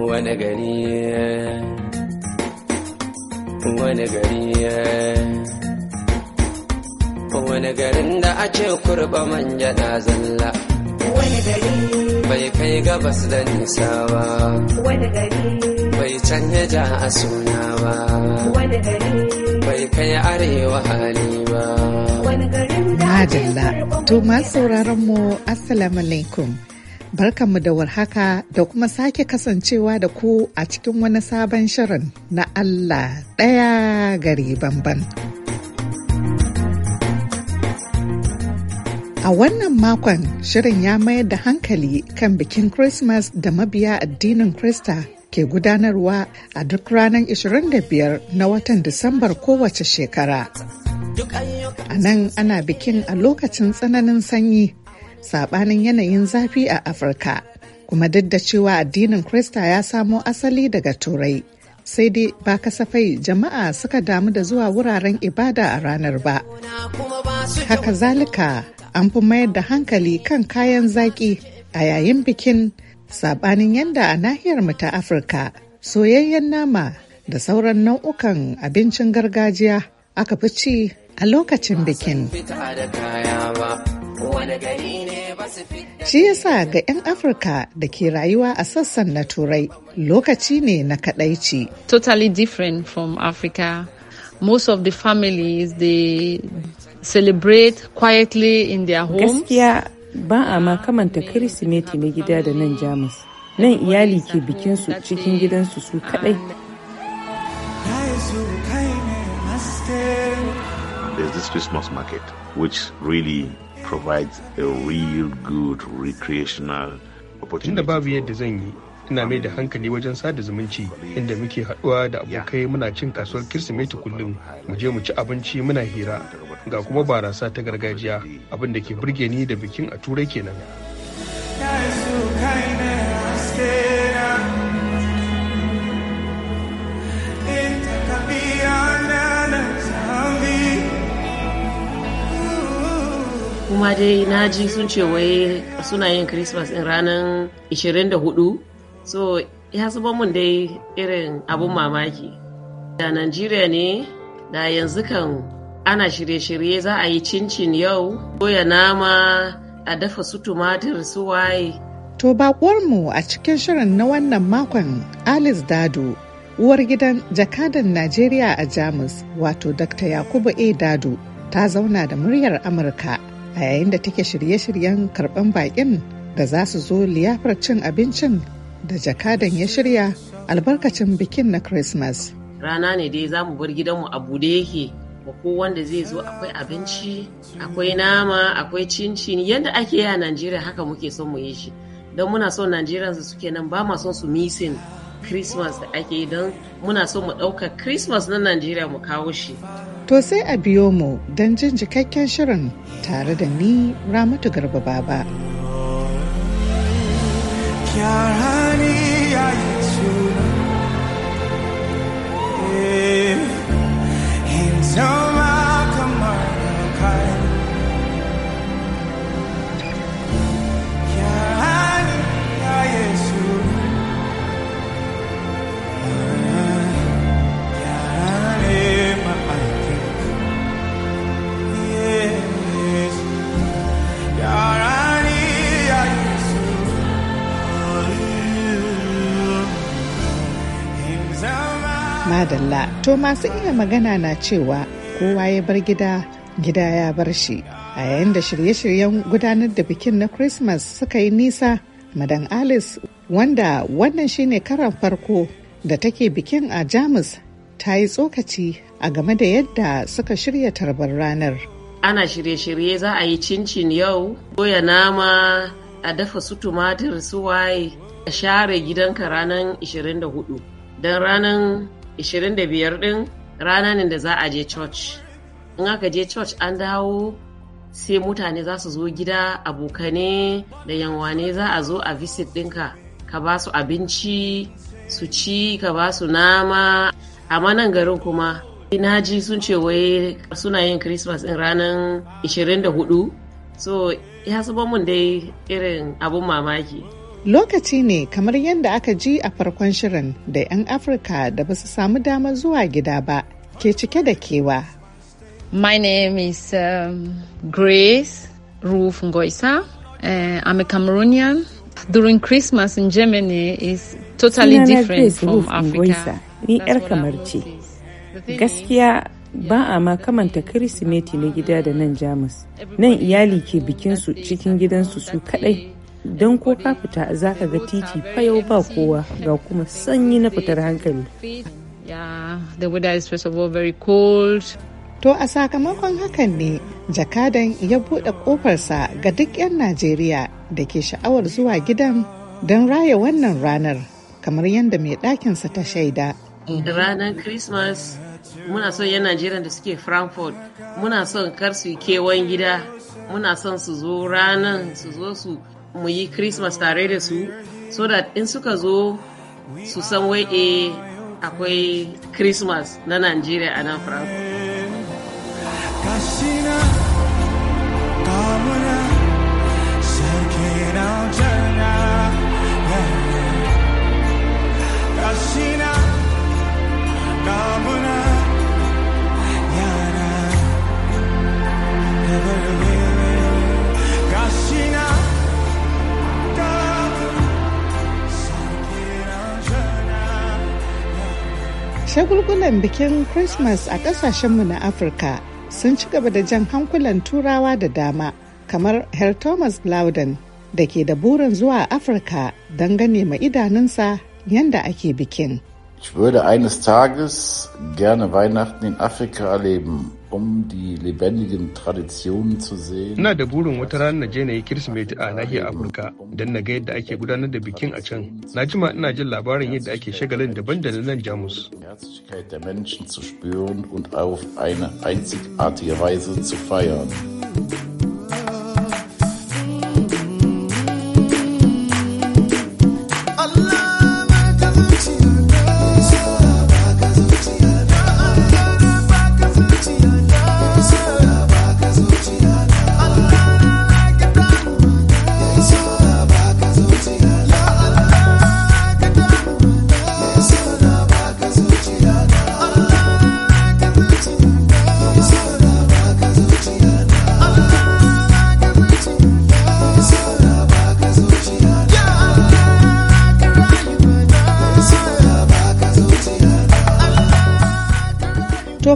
wani gari wani gari wani garin da a ce kurba manja na zalla wani gari bai kai gabas da nisa ba wani gari bai canja ja a suna ba wani gari bai kai arewa hali ba wani garin da a ce kurba manja na zalla to masu mu assalamu alaikum barkanmu da warhaka da kuma sake kasancewa da ku a cikin wani sabon shirin na Allah ɗaya gari banban! A wannan makon shirin ya mayar da hankali kan bikin Christmas da mabiya addinin Krista ke gudanarwa a duk ranar 25 na watan Disambar kowace shekara. A nan ana bikin a lokacin tsananin sanyi sabanin yanayin zafi a Afirka. Kuma duk da cewa addinin Krista ya samo asali daga Turai, sai dai ba kasafai jama'a suka damu da zuwa wuraren ibada a ranar ba. Haka zalika an fi mayar da hankali kan kayan zaki a yayin bikin sabanin yadda a nahiyar mu ta Afirka soyayyen nama da sauran nau'ukan abincin gargajiya aka fi ci a lokacin bikin. Shi yasa ga 'yan Afirka da ke rayuwa a sassan na Turai lokaci ne na kadaici. Totally different from Africa. Most of the families they celebrate quietly in their homes. Gaskiya ba a ma kamanta Kirsimeti na gida da nan Jamus. Nan iyali ke bikinsu cikin gidansu su kadai. There's this Christmas market, which really provides a real good recreational opportunity. Tunda babu yadda zan yi, ina mai da hankali wajen sada zumunci inda muke haɗuwa da abokai muna cin kasuwar kirsimeti kullum mu je mu ci abinci muna hira ga kuma barasa ta gargajiya abin da ke burge ni da bikin a turai kenan. kuma dai na ji sun ce wai suna yin christmas din ranar 24 so ya zuba mun dai irin abun mamaki da najeriya ne da yanzu kan ana shirye-shirye za a yi cincin yau doya nama a dafa su tumatir su waye to Bakuwar mu a cikin shirin na wannan makon alice dado uwar gidan jakadan najeriya a jamus wato dr yakubu a dado ta zauna da muryar amurka a yayin da take shirye-shiryen karɓan baƙin da za su zo liyafar cin abincin da jakadan ya shirya albarkacin bikin na Christmas. Rana ne dai za mu bar gidanmu a bude yake ba ko wanda zai zo akwai abinci, akwai nama, akwai cincin yadda ake yi a Najeriya haka muke son mu yi shi. Don muna son Najeriya su suke nan ba ma son su misin Christmas da ake yi don muna son mu ɗauka Christmas na Najeriya mu kawo shi To sai a biyo mu don jin cikakken shirin tare da ni Ramatu Garba Baba. Madalla, to masu iya magana na cewa kowa ya bar gida, gida ya bar shi. A yayin da shirye-shiryen gudanar da bikin na Christmas suka yi nisa, Madan Alice, wanda wannan shine karan farko da take bikin a Jamus, ta yi tsokaci a game da yadda suka shirya tarbar ranar. Ana shirye-shirye za a yi cincin yau, koya nama, a dafa su tumatir su waye, a share gidanka ranar 24. Don ranar 25 din rana ne da za a je church in aka je church an dawo sai mutane za su zo gida abokane da yanwane za a zo a visit ɗinka ka ba su abinci su ci ka ba su nama amma nan garin kuma Ina ji sun ce wai suna yin christmas din ranar 24 so ya saba mun dai irin abun mamaki Lokaci ne kamar yadda aka ji a farkon shirin da 'yan Afirka da ba su samu damar zuwa gida ba ke cike da kewa. My name is um, Grace Ruf Ngoisa. Uh, I'm a Cameroonian. During Christmas in Germany is totally Sinana different Grace from Ruf Africa. Ni 'yar kamar ce. Gaskiya ba a ma kamanta Kirsimeti na gida da nan Jamus. Nan iyali ke bikinsu cikin gidansu su kadai. don ko ka fita za ka ga titi fayau ba kowa ga kuma sanyi na fitar hankali To a sakamakon hakan ne jakadan ya buɗe kofarsa ga duk 'yan Najeriya da ke sha'awar zuwa gidan don raya wannan ranar kamar yadda mai ɗakinsa ta shaida. Ranar Christmas muna son 'yan Najeriya da suke Frankfurt muna son kar su kewan gida muna son su zo ranar su zo su mu yi Christmas tare da su so that in suka zo su san wai eh, akwai Christmas na Najeriya a nan Frankfurt. Shagulgulan bikin Christmas a kasashenmu na Afirka sun ci gaba da jan hankulan turawa da dama kamar Herr Thomas Loudon da ke da burin zuwa Afirka don gane ma idanunsa yadda ake bikin. Ich würde eines Tages gerne Weihnachten in Afrika erleben. um die lebendigen Traditionen zu sehen. Ina da burin wata ranar na je na yi Kirsimeti a nahiyar Afirka um don na ga yadda ake gudanar da bikin a can. Na jima ina jin labarin yadda ake shagalin daban da nan Jamus. Herzlichkeit der Menschen zu spüren und auf eine einzigartige Weise zu feiern.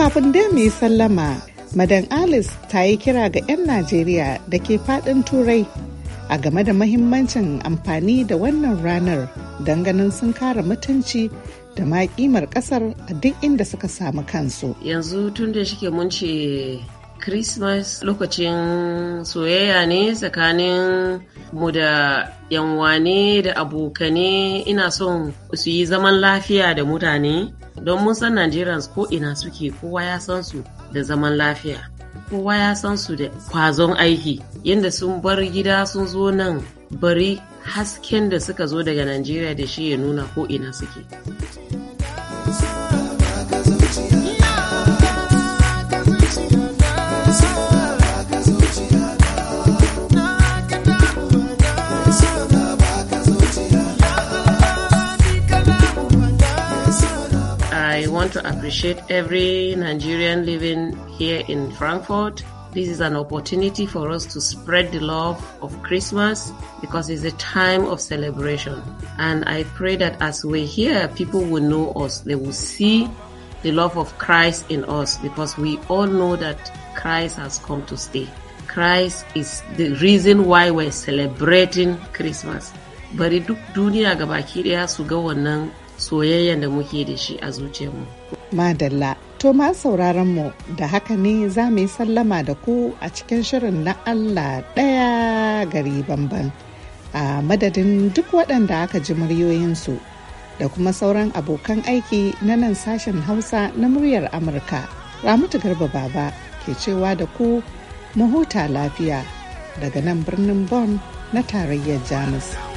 kafin dai mu yi sallama, Madan Alice ta yi kira ga 'yan Najeriya da ke faɗin Turai a game da mahimmancin amfani da wannan ranar don ganin sun kare mutunci da ma kimar kasar a duk inda suka samu kansu. Yanzu tun da shike mun Christmas lokacin soyayya ne tsakanin mu da yanwane da abokane ina son su yi zaman lafiya da mutane don mun san Nigerians ko ina suke kowa ya san su da zaman lafiya kowa ya san su da kwazon aiki yadda sun bar gida sun zo nan bari hasken da suka zo daga Najeriya da shi ya nuna ko ina suke. appreciate every Nigerian living here in Frankfurt. This is an opportunity for us to spread the love of Christmas because it's a time of celebration. And I pray that as we're here, people will know us. They will see the love of Christ in us because we all know that Christ has come to stay. Christ is the reason why we're celebrating Christmas. soyayyen da muke da shi a zuciyarmu. Madalla, to ma sauraron mu da haka ne za mu yi sallama da ku a cikin shirin na Allah ɗaya gari bamban. A madadin duk waɗanda aka ji muryoyinsu da kuma sauran abokan aiki na nan sashen Hausa na muryar Amurka. Ramatu Garba Baba ke cewa da ku mu huta lafiya daga nan birnin Bonn na tarayyar Jamus.